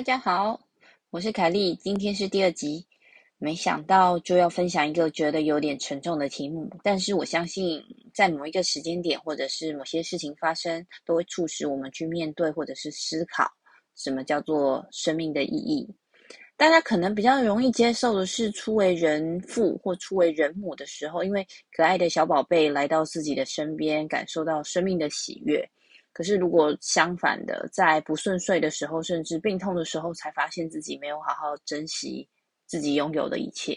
大家好，我是凱麗。今天是第二集。沒想到就要分享一個覺得有點沉重的題目，但是我相信在某一個時間點，或者是某些事情發生，都會促使我們去面對或者是思考什麼叫做生命的意義。大家可能比較容易接受的是初為人父或初為人母的時候，因為可愛的小寶貝來到自己的身邊，感受到生命的喜悅。可是，如果相反的，在不順遂的時候，甚至病痛的時候，才發現自己沒有好好珍惜自己擁有的一切。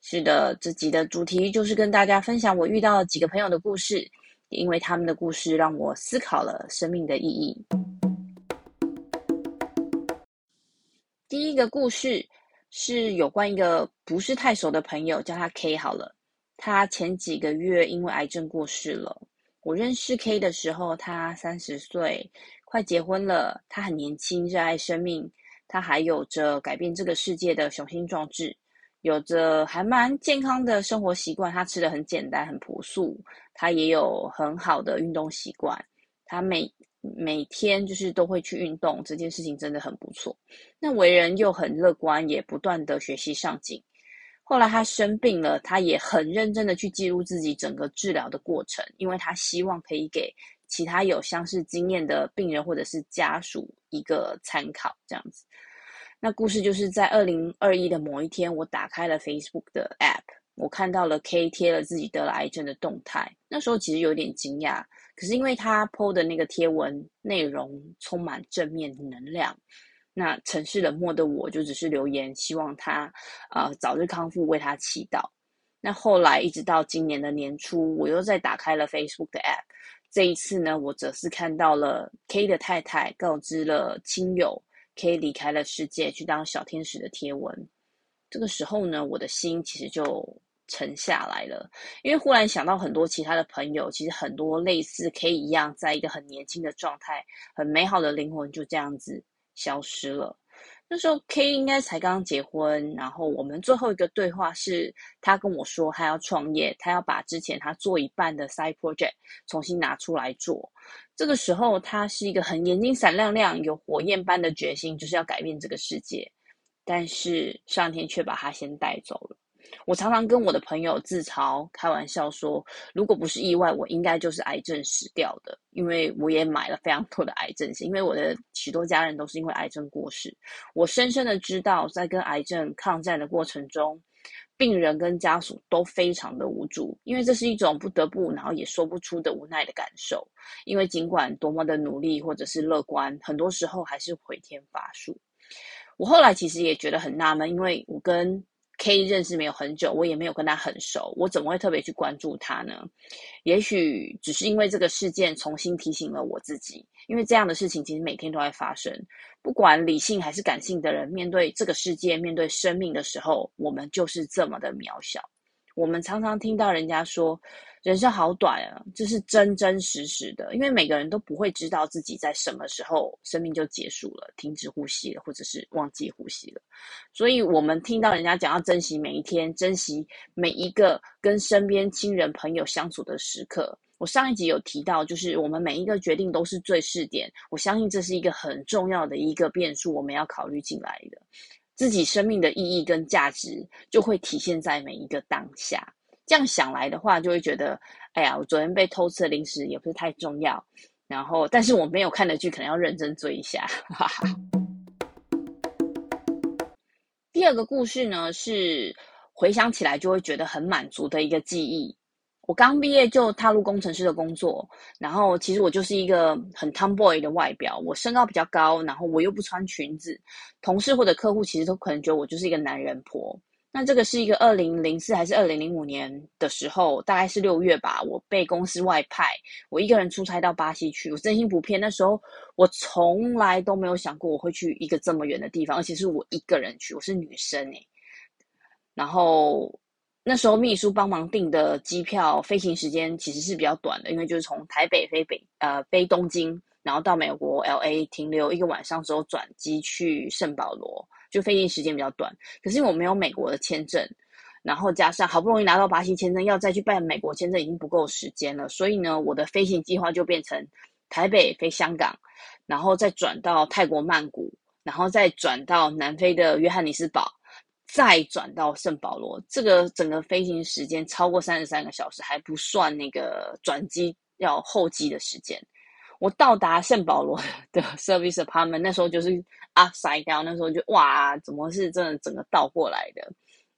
是的，這集的主題就是跟大家分享我遇到了幾個朋友的故事，因為他們的故事讓我思考了生命的意義。第一個故事是有關一個不是太熟的朋友，叫他 K 好了。他前幾個月因為癌症過世了。我認識 K 的時候，他三十歲，快結婚了。他很年輕，熱愛生命。他還有着改變這個世界的雄心壯志，有着還蠻健康的生活習慣。他吃的很簡單，很樸素。他也有很好的運動習慣。他每每天就是都會去運動，這件事情真的很不錯。那為人又很樂觀，也不斷的學習上進。後來他生病了，他也很認真的去記錄自己整個治療的過程，因為他希望可以給其他有相似經驗的病人或者是家屬一個參考。這樣子，那故事就是在二零二一的某一天，我打開了 Facebook 的 App，我看到了 K 貼了自己得了癌症的動態。那時候其實有點驚訝，可是因為他 PO 的那個貼文內容充滿正面的能量。那城市冷漠的我，就只是留言，希望他啊、呃、早日康復，為他祈禱。那後來一直到今年的年初，我又再打開了 Facebook 的 App，這一次呢，我則是看到了 K 的太太告知了親友 K 離開了世界，去當小天使的貼文。這個時候呢，我的心其實就沉下來了，因為忽然想到很多其他的朋友，其實很多類似 K 一樣，在一個很年輕的狀態，很美好的靈魂就這樣子消失了。那時候 K 應該才剛結婚，然後我們最後一個對話是他跟我說他要創業，他要把之前他做一半的 side project 重新拿出來做。這個時候他是一個很眼睛閃亮亮、有火焰般的決心，就是要改變這個世界，但是上天卻把他先帶走了。我常常跟我的朋友自嘲開玩笑說，如果不是意外，我應該就是癌症死掉的，因為我也買了非常多的癌症險。因為我的許多家人都是因為癌症過世，我深深的知道，在跟癌症抗戰的過程中，病人跟家屬都非常的無助，因為這是一種不得不，然後也說不出的無奈的感受。因為儘管多麼的努力或者是樂觀，很多時候還是回天乏術。我後來其實也覺得很納悶，因為我跟 k 認識沒有很久，我也沒有跟他很熟，我怎麼會特別去關注他呢？也許只是因為這個事件重新提醒了我自己，因為這樣的事情其實每天都在發生，不管理性還是感性的人，面對這個世界，面對生命的時候，我們就是這麼的渺小。我們常常聽到人家說，人生好短啊，這是真真實實的，因為每個人都不會知道自己在什麼時候生命就結束了，停止呼吸了，或者是忘記呼吸了。所以，我們聽到人家講要珍惜每一天，珍惜每一個跟身邊親人朋友相處的時刻。我上一集有提到，就是我們每一個決定都是最試點，我相信這是一個很重要的一個變數，我們要考慮進來的。自己生命的意義跟價值就會體現在每一個當下。這樣想來的話，就會覺得，哎呀，我昨天被偷吃的零食也不是太重要。然後，但是我沒有看的劇，可能要認真追一下哈哈。 第二個故事呢，是回想起來就會覺得很滿足的一個記憶。我剛畢業就踏入工程師的工作，然後其實我就是一個很 tomboy 的外表，我身高比較高，然後我又不穿裙子，同事或者客戶其實都可能覺得我就是一個男人婆。那這個是一個二零零四還是二零零五年的時候，大概是六月吧，我被公司外派，我一個人出差到巴西去。我真心不騙，那時候我從來都沒有想過我會去一個這麼遠的地方，而且是我一個人去，我是女生誒、欸，然後。那時候秘書幫忙訂的機票，飛行時間其實是比較短的，因為就是從台北飛北，呃，飛東京，然後到美國 LA 停留一個晚上之後轉機去聖保羅，就飛行時間比較短。可是因為我沒有美國的簽證，然後加上好不容易拿到巴西簽證，要再去辦美國簽證已經不夠時間了，所以呢，我的飛行計劃就變成台北飛香港，然後再轉到泰國曼谷，然後再轉到南非的約翰尼斯堡。再轉到聖保羅，這個整個飛行時間超過三十三個小時，還不算那個轉機要候機的時間。我到達聖保羅的 service apartment 那時候就是 upside down，那時候就哇，怎麼是真的整個倒過來的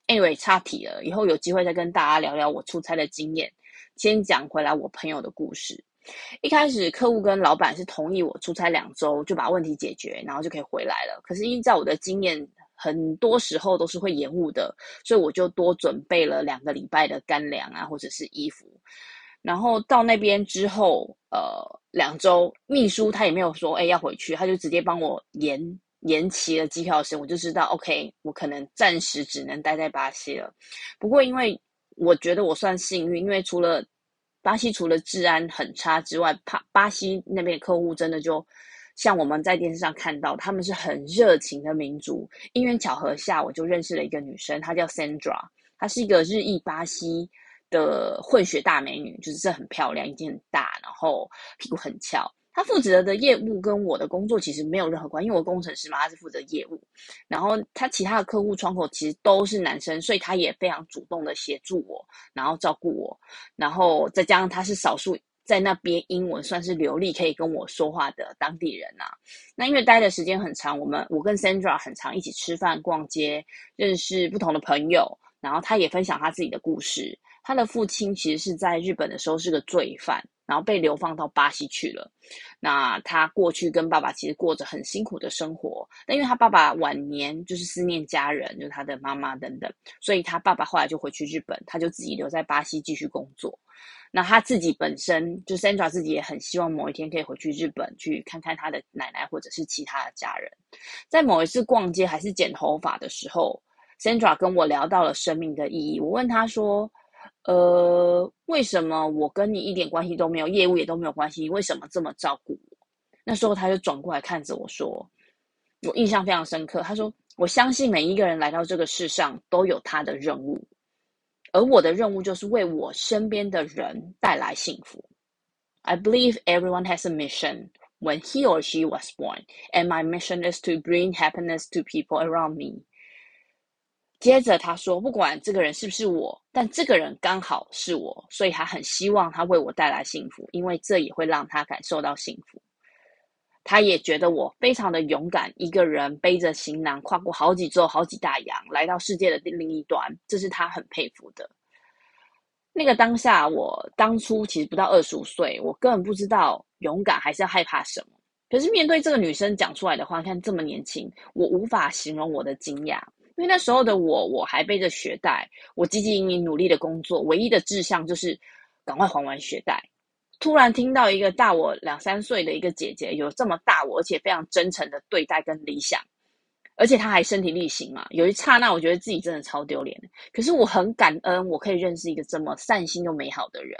？Anyway，岔題了，以後有機會再跟大家聊聊我出差的經驗。先講回來我朋友的故事。一開始，客戶跟老闆是同意我出差兩周就把問題解決，然後就可以回來了。可是依照我的經驗，很多時候都是會延誤的，所以我就多準備了兩個禮拜的乾糧啊，或者是衣服。然後到那邊之後，呃，兩週，秘書他也沒有說哎要回去，他就直接幫我延延期了機票時，我就知道 OK，我可能暫時只能待在巴西了。不過因為我覺得我算幸運，因為除了巴西除了治安很差之外，巴巴西那邊客戶真的就。像我們在電視上看到，他們是很熱情的民族。因緣巧合下，我就認識了一個女生，她叫 Sandra，她是一個日裔巴西的混血大美女，就是這很漂亮，眼睛很大，然後屁股很翹。她負責的業務跟我的工作其實沒有任何關係，因為我工程師嘛，她是負責業務。然後她其他的客戶窗口其實都是男生，所以她也非常主動的協助我，然後照顧我。然後再加上她是少數。在那邊，英文算是流利，可以跟我說話的當地人呐、啊。那因為待的時間很長，我們我跟 Sandra 很常一起吃飯、逛街，認識不同的朋友，然後他也分享他自己的故事。他的父親其實是在日本的時候是個罪犯。然後被流放到巴西去了。那他過去跟爸爸其實過着很辛苦的生活，但因為他爸爸晚年就是思念家人，就是他的媽媽等等，所以他爸爸後來就回去日本，他就自己留在巴西繼續工作。那他自己本身就，Sandra 自己也很希望某一天可以回去日本去看看他的奶奶或者是其他的家人。在某一次逛街還是剪頭髮的時候，Sandra 跟我聊到了生命的意義。我問他說。呃，為什麼我跟你一點關係都沒有，業務也都沒有關係？為什麼這麼照顧我？那時候他就轉過來看着我說，我印象非常深刻。他說：“我相信每一個人來到這個世上都有他的任務，而我的任務就是為我身邊的人帶來幸福。” I believe everyone has a mission when he or she was born, and my mission is to bring happiness to people around me. 接着他說：“不管這個人是不是我。”但這個人剛好是我，所以他很希望他為我帶來幸福，因為這也會讓他感受到幸福。他也覺得我非常的勇敢，一個人背着行囊，跨過好幾座、好幾大洋，來到世界的另一端，這是他很佩服的。那個當下，我當初其實不到二十五歲，我根本不知道勇敢還是要害怕什麼。可是面對這個女生講出來的話，看這麼年輕，我無法形容我的驚訝。因為那時候的我，我還背着學貸，我汲汲營營努力的工作，唯一的志向就是趕快還完學貸。突然聽到一個大我兩三歲的一個姐姐，有這麼大我，而且非常真誠的對待跟理想，而且她還身體力行嘛。有一剎那，我覺得自己真的超丟臉，可是我很感恩，我可以認識一個這麼善心又美好的人。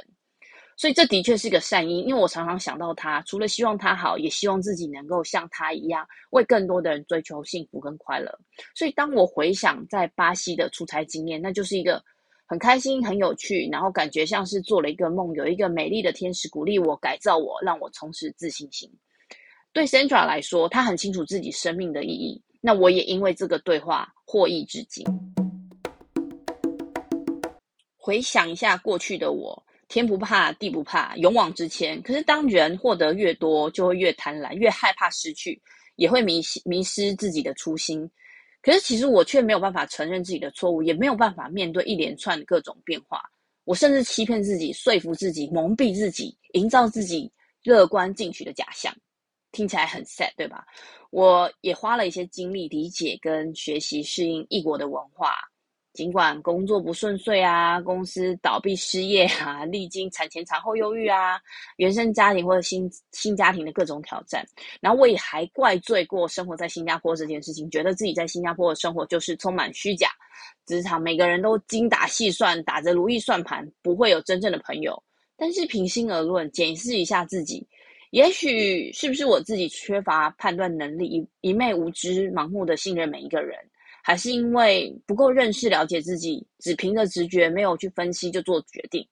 所以這的確是個善因，因為我常常想到他，除了希望他好，也希望自己能夠像他一樣，為更多的人追求幸福跟快樂。所以當我回想在巴西的出差經驗，那就是一個很開心、很有趣，然後感覺像是做了一個夢，有一個美麗的天使鼓勵我、改造我，讓我重拾自信心。對 Sandra 來說，他很清楚自己生命的意義，那我也因為這個對話獲益至今。回想一下過去的我。天不怕地不怕，勇往直前。可是當人獲得越多，就會越貪婪，越害怕失去，也會迷迷失自己的初心。可是其實我卻沒有辦法承認自己的錯誤，也沒有辦法面對一連串的各種變化。我甚至欺騙自己，說服自己，蒙蔽自己，營造自己樂觀進取的假象。聽起來很 sad 對吧？我也花了一些精力理解跟學習適應異國的文化。儘管工作不順遂啊，公司倒閉失業啊，歷經產前產後憂鬱啊，原生家庭或者新新家庭的各種挑戰，然後我也還怪罪過生活在新加坡這件事情，覺得自己在新加坡的生活就是充滿虛假，職場每個人都精打細算，打着如意算盤，不會有真正的朋友。但是平心而論，檢視一下自己，也許是不是我自己缺乏判斷能力，一，一昧無知，盲目的信任每一個人。還是因為不夠認識了解自己，只憑着直覺沒有去分析就做決定，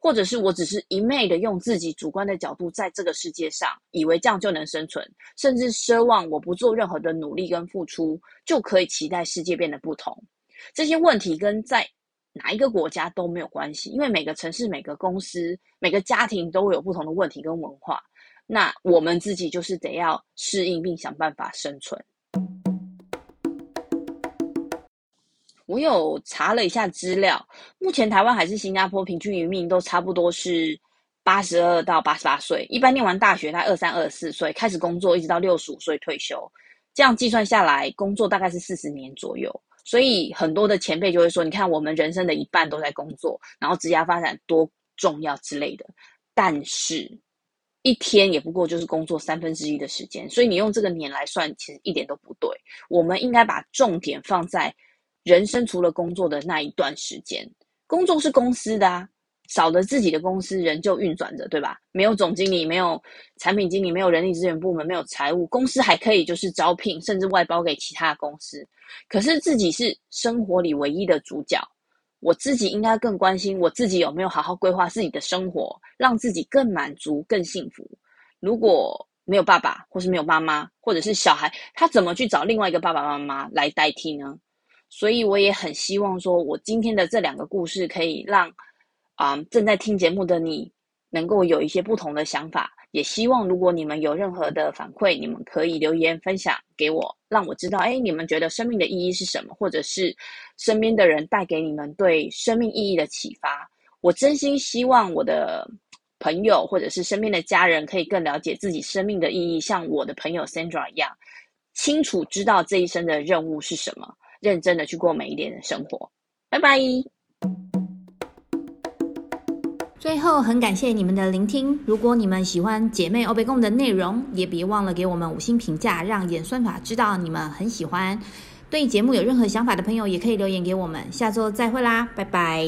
或者是我只是一昧的用自己主觀的角度在這個世界上，以為這樣就能生存，甚至奢望我不做任何的努力跟付出就可以期待世界變得不同。這些問題跟在哪一個國家都沒有關係，因為每個城市、每個公司、每個家庭都有不同的問題跟文化，那我們自己就是得要適應並想辦法生存。我有查了一下資料，目前台灣還是新加坡平均餘命都差不多是八十二到八十八歲。一般念完大學大2324，他二三二四歲開始工作，一直到六十五歲退休，這樣計算下來，工作大概是四十年左右。所以很多的前輩就會說：“你看，我們人生的一半都在工作，然後職業發展多重要之類的。”但是，一天也不過就是工作三分之一的時間，所以你用這個年來算，其實一點都不對。我們應該把重點放在。人生除了工作的那一段時間，工作是公司的啊，少了自己的公司，人就運轉着，對吧？沒有總經理，沒有產品經理，沒有人力資源部門，沒有財務，公司還可以就是招聘，甚至外包給其他公司。可是自己是生活裡唯一的主角，我自己應該更關心我自己有沒有好好規劃自己的生活，讓自己更滿足、更幸福。如果沒有爸爸，或是沒有媽媽，或者是小孩，他怎麼去找另外一個爸爸媽媽來代替呢？所以我也很希望說，我今天的這兩個故事可以讓啊、嗯、正在聽節目的你能夠有一些不同的想法。也希望如果你們有任何的反饋，你們可以留言分享給我，讓我知道。哎，你們覺得生命的意義是什麼？或者是身邊的人帶給你們對生命意義的啟發。我真心希望我的朋友或者是身邊的家人可以更了解自己生命的意義，像我的朋友 Sandra 一樣，清楚知道這一生的任務是什麼。認真的去過每一點的生活，拜拜。最後，很感謝你們的聆聽。如果你們喜歡姐妹歐北共的內容，也別忘了給我們五星評價，讓演算法知道你們很喜歡。對節目有任何想法的朋友，也可以留言給我們。下周再會啦，拜拜。